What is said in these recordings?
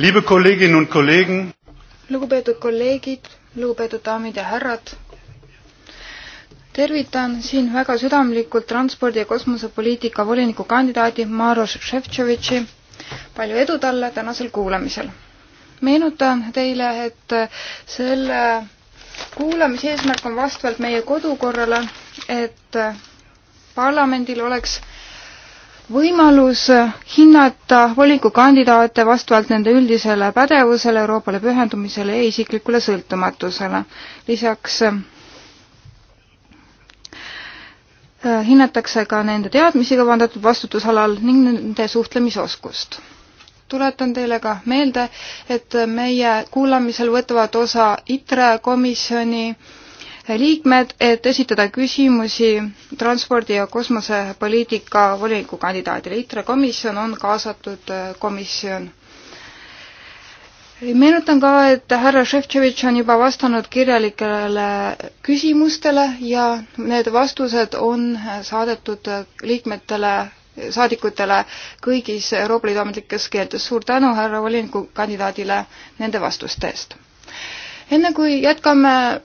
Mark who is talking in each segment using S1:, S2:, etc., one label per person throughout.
S1: Liebe Kolleginnen und Kollegen. lugupeetud kolleegid, lugupeetud daamid ja härrad. tervitan siin väga südamlikult transpordi ja kosmosepoliitika voliniku kandidaadi Maros Šefčovitši. palju edu talle tänasel kuulamisel. meenutan teile, et selle kuulamise eesmärk on vastavalt meie kodukorrale, et parlamendil oleks võimalus hinnata volinikukandidaate vastavalt nende üldisele pädevusele, Euroopale pühendumisele ja isiklikule sõltumatusele. lisaks äh, hinnatakse ka nende teadmisi kavandatud vastutusalal ning nende suhtlemisoskust. tuletan teile ka meelde, et meie kuulamisel võtavad osa ITRE komisjoni äh, liikmed, et esitada küsimusi transpordi- ja kosmosepoliitika voliniku kandidaadile. ITRE komisjon on kaasatud äh, komisjon. meenutan ka, et härra Šefčovitš on juba vastanud kirjalikele küsimustele ja need vastused on äh, saadetud äh, liikmetele saadikutele kõigis Euroopa Liidu ametlikes keeltes. suur tänu härra volinikukandidaadile nende vastuste eest. enne kui jätkame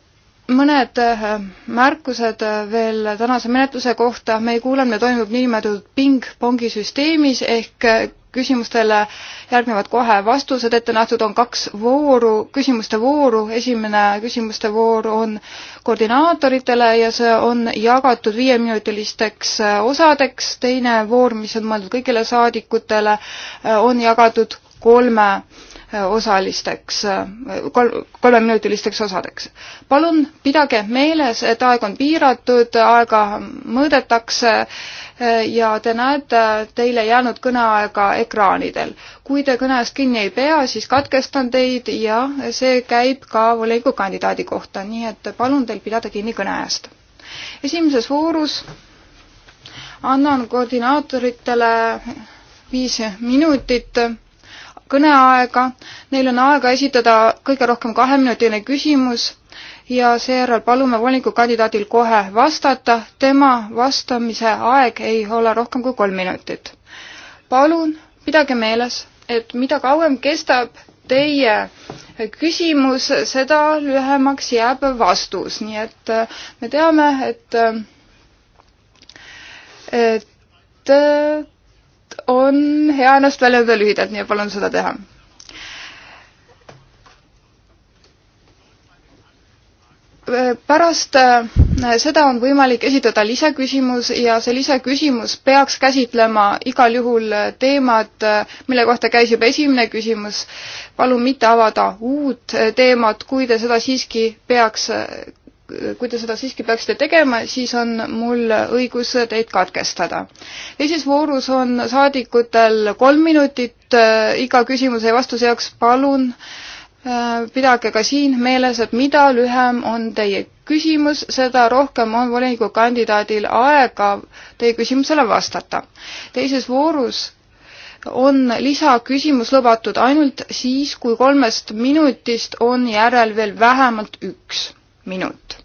S1: mõned äh, märkused äh, veel tänase menetluse kohta. meie kuulamine toimub niinimetatud ping-pongi süsteemis ehk äh, küsimustele järgnevad kohe vastused, ette nähtud on kaks vooru, küsimuste vooru. esimene küsimuste voor on koordinaatoritele ja see on jagatud viieminutilisteks osadeks. teine voor, mis on mõeldud kõigile saadikutele, on jagatud kolme osalisteks, kol-, kolmeminutilisteks osadeks. palun pidage meeles, et aeg on piiratud, aega mõõdetakse ja te näete teile jäänud kõneaega ekraanidel. kui te kõne eest kinni ei pea, siis katkestan teid ja see käib ka volikogu kandidaadi kohta, nii et palun teil pidada kinni kõne eest. esimeses voorus annan koordinaatoritele viis minutit kõneaega, neil on aega esitada kõige rohkem kaheminutiline küsimus ja seejärel palume volinikukandidaadil kohe vastata, tema vastamise aeg ei ole rohkem kui kolm minutit. palun pidage meeles, et mida kauem kestab teie küsimus, seda lühemaks jääb vastus, nii et äh, me teame, et äh, et äh, on hea ennast väljendada lühidalt, nii et palun seda teha. pärast äh, seda on võimalik esitada lisaküsimus ja see lisaküsimus peaks käsitlema igal juhul teemat, äh, mille kohta käis juba esimene küsimus. palun mitte avada uut äh, teemat, kui te seda siiski peaks kui te seda siiski peaksite tegema, siis on mul õigus teid katkestada. teises voorus on saadikutel kolm minutit äh, iga küsimuse ja vastuse jaoks, palun äh, pidage ka siin meeles, et mida lühem on teie küsimus, seda rohkem on volinikukandidaadil aega teie küsimusele vastata. teises voorus on lisaküsimus lubatud ainult siis, kui kolmest minutist on järel veel vähemalt üks minut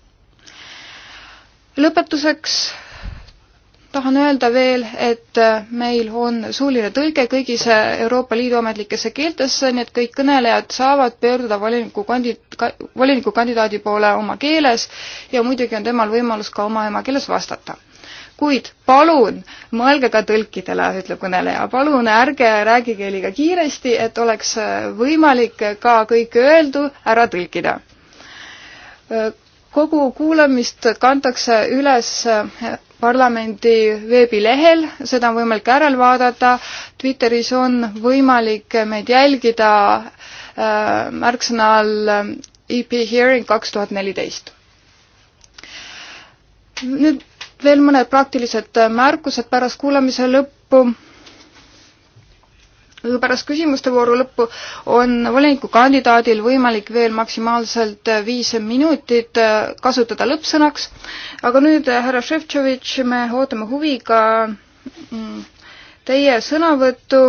S1: lõpetuseks tahan öelda veel, et äh, meil on suuline tõlge kõigis äh, Euroopa Liidu ametlikesse keeltesse, nii et kõik kõnelejad saavad pöörduda voliniku kandi-, volinikukandidaadi poole oma keeles ja muidugi on temal võimalus ka oma emakeeles vastata. kuid palun mõelge ka tõlkidele, ütleb kõneleja, palun ärge rääkige liiga kiiresti, et oleks äh, võimalik ka kõik öeldu ära tõlkida kogu kuulamist kantakse üles parlamendi veebilehel, seda on võimalik järel vaadata, Twitteris on võimalik meid jälgida äh, märksõna all äh, EP Hearing kaks tuhat neliteist. nüüd veel mõned praktilised märkused pärast kuulamise lõppu pärast küsimuste vooru lõppu on volinikukandidaadil võimalik veel maksimaalselt viis minutit kasutada lõppsõnaks. aga nüüd, härra Šefčovitš, me ootame huviga mm, teie sõnavõttu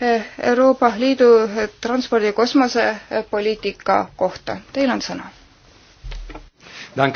S1: eh, Euroopa Liidu transpordi ja kosmosepoliitika kohta. Teil on sõna